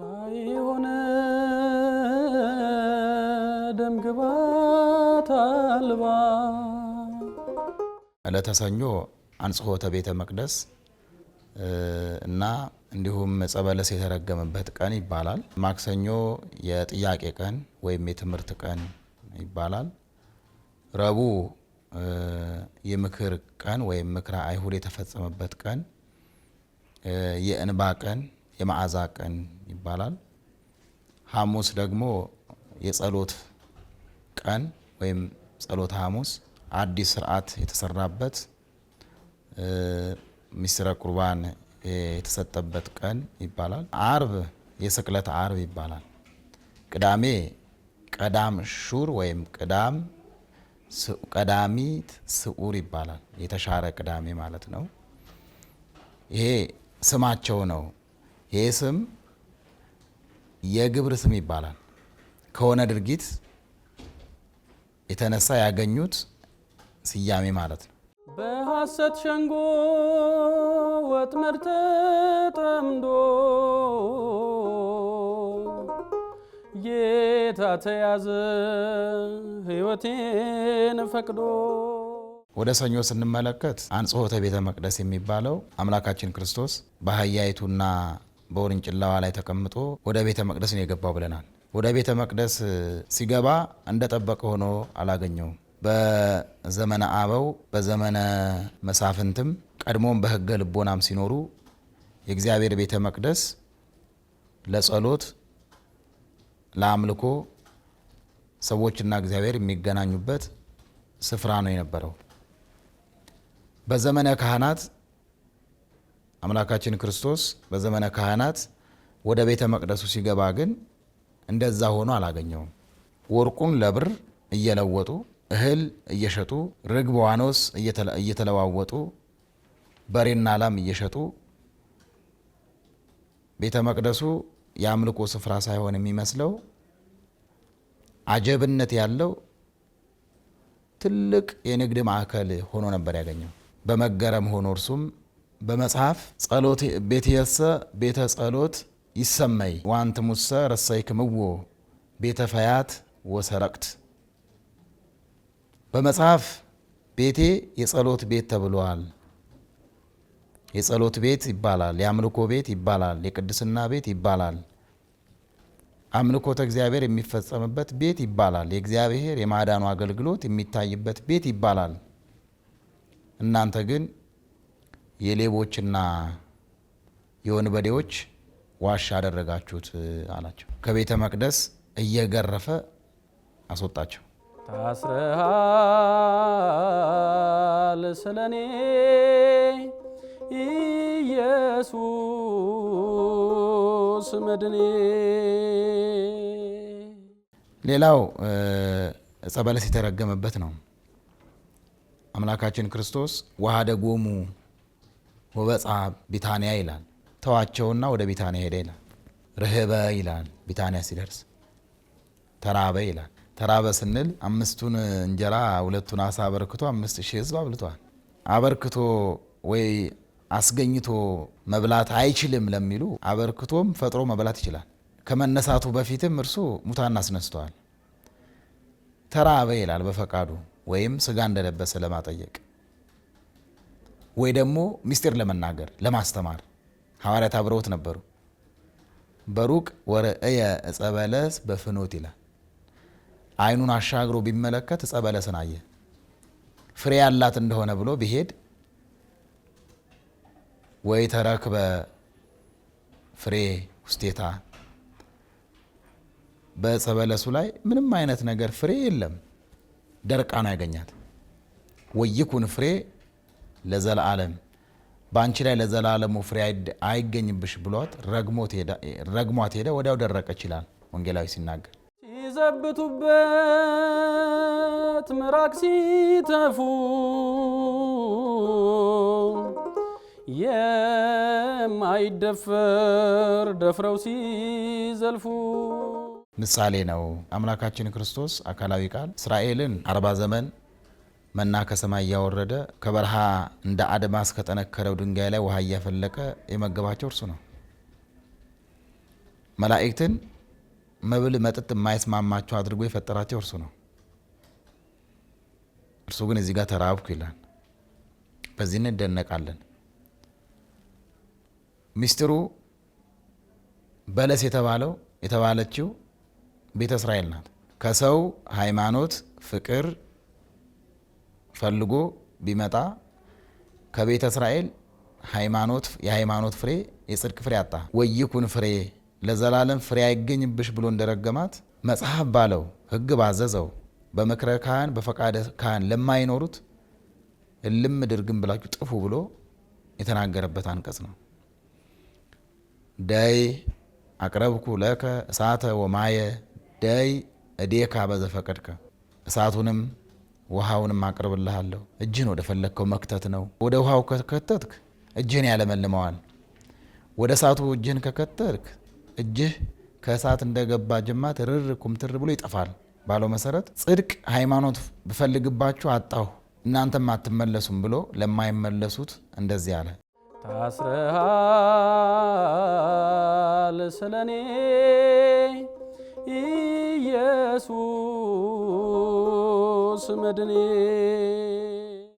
ሳይሆን ደምግባት አልባ ዕለተ ሰኞ አንጽሖተ ቤተ መቅደስ እና እንዲሁም ጸበለስ የተረገመበት ቀን ይባላል። ማክሰኞ የጥያቄ ቀን ወይም የትምህርት ቀን ይባላል። ረቡዕ የምክር ቀን ወይም ምክረ አይሁድ የተፈጸመበት ቀን፣ የእንባ ቀን የመዓዛ ቀን ይባላል። ሐሙስ ደግሞ የጸሎት ቀን ወይም ጸሎት ሐሙስ አዲስ ስርዓት የተሰራበት ሚስረ ቁርባን የተሰጠበት ቀን ይባላል። አርብ የስቅለት አርብ ይባላል። ቅዳሜ ቀዳም ሹር ወይም ቅዳም ቀዳሚት ስዑር ይባላል። የተሻረ ቅዳሜ ማለት ነው። ይሄ ስማቸው ነው። ይህ ስም የግብር ስም ይባላል። ከሆነ ድርጊት የተነሳ ያገኙት ስያሜ ማለት ነው። በሐሰት ሸንጎ ወጥመድ ተጠምዶ ጌታ ተያዘ ሕይወቴን ፈቅዶ። ወደ ሰኞ ስንመለከት አንጽሖተ ቤተ መቅደስ የሚባለው አምላካችን ክርስቶስ በአህያይቱና በውርንጭላዋ ላይ ተቀምጦ ወደ ቤተ መቅደስ ነው የገባው ብለናል። ወደ ቤተ መቅደስ ሲገባ እንደጠበቀ ሆኖ አላገኘውም። በዘመነ አበው በዘመነ መሳፍንትም ቀድሞም በህገ ልቦናም ሲኖሩ የእግዚአብሔር ቤተ መቅደስ ለጸሎት፣ ለአምልኮ ሰዎችና እግዚአብሔር የሚገናኙበት ስፍራ ነው የነበረው። በዘመነ ካህናት አምላካችን ክርስቶስ በዘመነ ካህናት ወደ ቤተ መቅደሱ ሲገባ ግን እንደዛ ሆኖ አላገኘውም። ወርቁን ለብር እየለወጡ እህል እየሸጡ ርግብ ዋኖስ እየተለዋወጡ በሬና ላም እየሸጡ ቤተ መቅደሱ የአምልኮ ስፍራ ሳይሆን የሚመስለው አጀብነት ያለው ትልቅ የንግድ ማዕከል ሆኖ ነበር ያገኘው። በመገረም ሆኖ እርሱም በመጽሐፍ ጸሎት ቤትየሰ ቤተ ጸሎት ይሰመይ ረሳይ ክምዎ ቤተ ፈያት ወሰረቅት በመጽሐፍ ቤቴ የጸሎት ቤት ተብሏል። የጸሎት ቤት ይባላል። የአምልኮ ቤት ይባላል። የቅድስና ቤት ይባላል። አምልኮተ እግዚአብሔር የሚፈጸምበት ቤት ይባላል። የእግዚአብሔር የማዳኑ አገልግሎት የሚታይበት ቤት ይባላል። እናንተ ግን የሌቦችና የወንበዴዎች ዋሻ አደረጋችሁት አላቸው። ከቤተ መቅደስ እየገረፈ አስወጣቸው። ታስረሃል ስለኔ ኢየሱስ መድኔ። ሌላው ዕፀ በለስ የተረገመበት ነው። አምላካችን ክርስቶስ ዋሃደ ጎሙ ወበጽአ ቢታንያ ይላል። ተዋቸውና ወደ ቢታንያ ሄደ ይላል። ርህበ ይላል። ቢታንያ ሲደርስ ተራበ ይላል። ተራበ ስንል አምስቱን እንጀራ ሁለቱን አሳ አበርክቶ አምስት ሺህ ህዝብ አብልቷል። አበርክቶ ወይ አስገኝቶ መብላት አይችልም ለሚሉ አበርክቶም ፈጥሮ መብላት ይችላል። ከመነሳቱ በፊትም እርሱ ሙታን አስነስተዋል። ተራበ ይላል በፈቃዱ ወይም ስጋ እንደለበሰ ለማጠየቅ ወይ ደግሞ ሚስጢር ለመናገር ለማስተማር ሐዋርያት አብረውት ነበሩ። በሩቅ ወርእየ ዕፀ በለስ በፍኖት ይላል። አይኑን አሻግሮ ቢመለከት ዕፀ በለስን አየ። ፍሬ ያላት እንደሆነ ብሎ ቢሄድ ወይ ተረክበ ፍሬ ውስቴታ፣ በዕፀ በለሱ ላይ ምንም አይነት ነገር ፍሬ የለም፣ ደርቃ ነው ያገኛት ወይኩን ፍሬ ለዘላለም በአንቺ ላይ ለዘላለሙ ፍሬ አይገኝብሽ ብሏት ረግሟት ሄደ። ወዲያው ደረቀ ይችላል ወንጌላዊ ሲናገር። ሲዘብቱበት ምራቅ ሲተፉ የማይደፈር ደፍረው ሲዘልፉ ምሳሌ ነው። አምላካችን ክርስቶስ አካላዊ ቃል እስራኤልን አርባ ዘመን መና ከሰማይ እያወረደ ከበረሃ እንደ አድማስ ከጠነከረው ድንጋይ ላይ ውሃ እያፈለቀ የመገባቸው እርሱ ነው። መላእክትን መብል መጠጥ የማይስማማቸው አድርጎ የፈጠራቸው እርሱ ነው። እርሱ ግን እዚህ ጋር ተራብኩ ይላል። በዚህ እንደነቃለን። ሚስጢሩ በለስ የተባለው የተባለችው ቤተ እስራኤል ናት። ከሰው ሃይማኖት፣ ፍቅር ፈልጎ ቢመጣ ከቤተ እስራኤል ሃይማኖት የሃይማኖት ፍሬ የጽድቅ ፍሬ አጣ። ወይኩን ፍሬ ለዘላለም ፍሬ አይገኝብሽ ብሎ እንደረገማት መጽሐፍ ባለው ሕግ ባዘዘው በምክረ ካህን በፈቃደ ካህን ለማይኖሩት እልም ድርግም ብላችሁ ጥፉ ብሎ የተናገረበት አንቀጽ ነው። ደይ አቅረብኩ ለከ እሳተ ወማየ ደይ እዴካ በዘፈቀድከ እሳቱንም ውሃውንም አቅርብልሃለሁ። እጅን ወደ ፈለግከው መክተት ነው። ወደ ውሃው ከከተትክ እጅህን ያለመልመዋል። ወደ እሳቱ እጅህን ከከተትክ እጅህ ከእሳት እንደገባ ጅማት ርር ኩምትር ብሎ ይጠፋል ባለው መሰረት ጽድቅ፣ ሃይማኖት ብፈልግባችሁ አጣሁ እናንተም አትመለሱም ብሎ ለማይመለሱት እንደዚህ አለ። ታስረሃል ስለኔ ኢየሱስ ክርስቶስ መድኔ